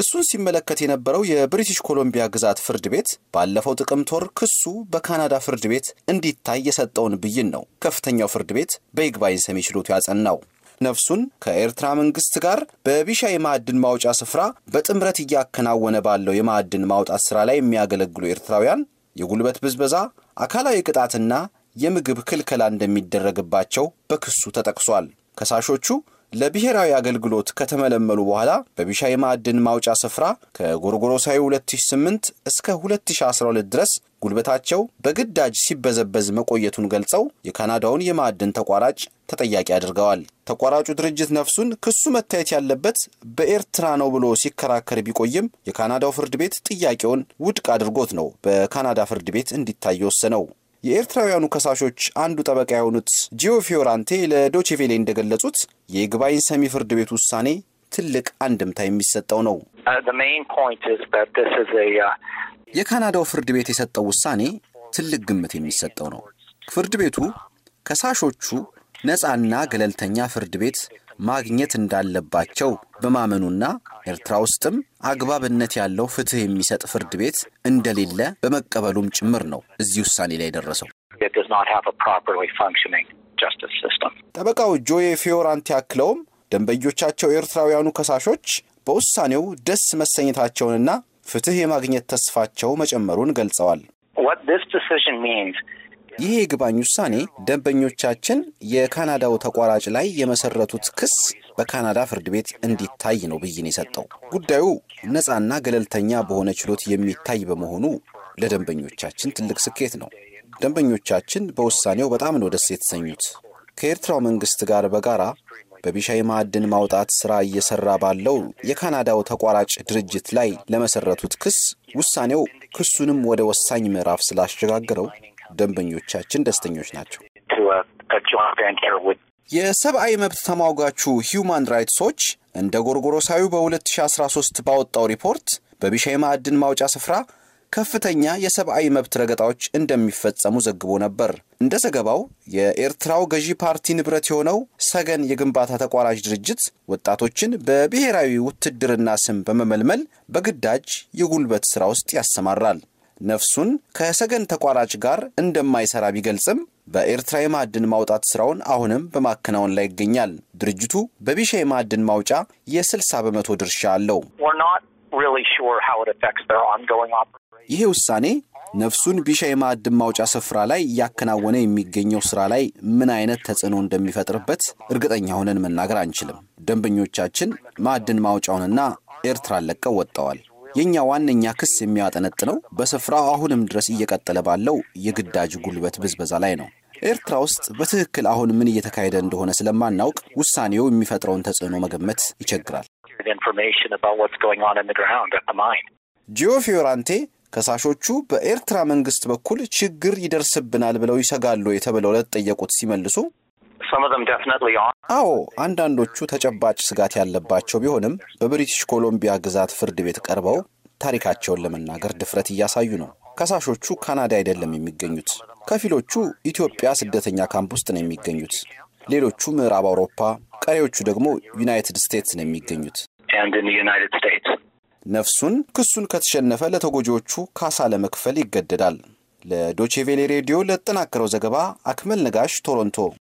ክሱን ሲመለከት የነበረው የብሪቲሽ ኮሎምቢያ ግዛት ፍርድ ቤት ባለፈው ጥቅምት ወር ክሱ በካናዳ ፍርድ ቤት እንዲታይ የሰጠውን ብይን ነው ከፍተኛው ፍርድ ቤት በይግባኝ ሰሚ ችሎቱ ያጸናው። ነፍሱን ከኤርትራ መንግስት ጋር በቢሻ የማዕድን ማውጫ ስፍራ በጥምረት እያከናወነ ባለው የማዕድን ማውጣት ሥራ ላይ የሚያገለግሉ ኤርትራውያን የጉልበት ብዝበዛ፣ አካላዊ ቅጣትና የምግብ ክልከላ እንደሚደረግባቸው በክሱ ተጠቅሷል። ከሳሾቹ ለብሔራዊ አገልግሎት ከተመለመሉ በኋላ በቢሻይ ማዕድን ማውጫ ስፍራ ከጎርጎሮሳዊ 2008 እስከ 2012 ድረስ ጉልበታቸው በግዳጅ ሲበዘበዝ መቆየቱን ገልጸው የካናዳውን የማዕድን ተቋራጭ ተጠያቂ አድርገዋል። ተቋራጩ ድርጅት ነፍሱን ክሱ መታየት ያለበት በኤርትራ ነው ብሎ ሲከራከር ቢቆይም የካናዳው ፍርድ ቤት ጥያቄውን ውድቅ አድርጎት ነው በካናዳ ፍርድ ቤት እንዲታይ ወሰነው። የኤርትራውያኑ ከሳሾች አንዱ ጠበቃ የሆኑት ጂኦ ፊዮራንቴ ለዶቼቬሌ እንደገለጹት የይግባኝ ሰሚ ፍርድ ቤት ውሳኔ ትልቅ አንድምታ የሚሰጠው ነው። uh, uh, የካናዳው ፍርድ ቤት የሰጠው ውሳኔ ትልቅ ግምት የሚሰጠው ነው። ፍርድ ቤቱ ከሳሾቹ ነፃና ገለልተኛ ፍርድ ቤት ማግኘት እንዳለባቸው በማመኑና ኤርትራ ውስጥም አግባብነት ያለው ፍትህ የሚሰጥ ፍርድ ቤት እንደሌለ በመቀበሉም ጭምር ነው እዚህ ውሳኔ ላይ የደረሰው። ጠበቃው ጆዬ ፊዮራንቲ አክለውም ደንበኞቻቸው ኤርትራውያኑ ከሳሾች በውሳኔው ደስ መሰኘታቸውንና ፍትህ የማግኘት ተስፋቸው መጨመሩን ገልጸዋል። ይህ የግባኝ ውሳኔ ደንበኞቻችን የካናዳው ተቋራጭ ላይ የመሰረቱት ክስ በካናዳ ፍርድ ቤት እንዲታይ ነው ብይን የሰጠው። ጉዳዩ ነፃና ገለልተኛ በሆነ ችሎት የሚታይ በመሆኑ ለደንበኞቻችን ትልቅ ስኬት ነው። ደንበኞቻችን በውሳኔው በጣም ነው ደስ የተሰኙት። ከኤርትራው መንግስት ጋር በጋራ በቢሻይ ማዕድን ማውጣት ሥራ እየሠራ ባለው የካናዳው ተቋራጭ ድርጅት ላይ ለመሠረቱት ክስ ውሳኔው ክሱንም ወደ ወሳኝ ምዕራፍ ስላሸጋገረው ደንበኞቻችን ደስተኞች ናቸው። uh, የሰብአዊ መብት ተሟጋቹ ሂዩማን ራይትሶች እንደ ጎርጎሮሳዊ በ2013 ባወጣው ሪፖርት በቢሻይ ማዕድን ማውጫ ስፍራ ከፍተኛ የሰብአዊ መብት ረገጣዎች እንደሚፈጸሙ ዘግቦ ነበር። እንደ ዘገባው የኤርትራው ገዢ ፓርቲ ንብረት የሆነው ሰገን የግንባታ ተቋራጭ ድርጅት ወጣቶችን በብሔራዊ ውትድርና ስም በመመልመል በግዳጅ የጉልበት ሥራ ውስጥ ያሰማራል። ነፍሱን ከሰገን ተቋራጭ ጋር እንደማይሰራ ቢገልጽም በኤርትራ የማዕድን ማውጣት ስራውን አሁንም በማከናወን ላይ ይገኛል። ድርጅቱ በቢሻ የማዕድን ማውጫ የ60 በመቶ ድርሻ አለው። ይሄ ውሳኔ ነፍሱን ቢሻ የማዕድን ማውጫ ስፍራ ላይ እያከናወነ የሚገኘው ስራ ላይ ምን አይነት ተጽዕኖ እንደሚፈጥርበት እርግጠኛ ሆነን መናገር አንችልም። ደንበኞቻችን ማዕድን ማውጫውንና ኤርትራን ለቀው ወጥተዋል። የእኛ ዋነኛ ክስ የሚያጠነጥነው በስፍራው አሁንም ድረስ እየቀጠለ ባለው የግዳጅ ጉልበት ብዝበዛ ላይ ነው። ኤርትራ ውስጥ በትክክል አሁን ምን እየተካሄደ እንደሆነ ስለማናውቅ ውሳኔው የሚፈጥረውን ተጽዕኖ መገመት ይቸግራል። ጂኦ ከሳሾቹ በኤርትራ መንግስት በኩል ችግር ይደርስብናል ብለው ይሰጋሉ የተብለው ለተጠየቁት ሲመልሱ አዎ አንዳንዶቹ ተጨባጭ ስጋት ያለባቸው ቢሆንም በብሪቲሽ ኮሎምቢያ ግዛት ፍርድ ቤት ቀርበው ታሪካቸውን ለመናገር ድፍረት እያሳዩ ነው። ከሳሾቹ ካናዳ አይደለም የሚገኙት። ከፊሎቹ ኢትዮጵያ ስደተኛ ካምፕ ውስጥ ነው የሚገኙት። ሌሎቹ ምዕራብ አውሮፓ፣ ቀሪዎቹ ደግሞ ዩናይትድ ስቴትስ ነው የሚገኙት። ነፍሱን ክሱን ከተሸነፈ ለተጎጂዎቹ ካሳ ለመክፈል ይገደዳል። ለዶቼቬሌ ሬዲዮ ለተጠናከረው ዘገባ አክመል ነጋሽ ቶሮንቶ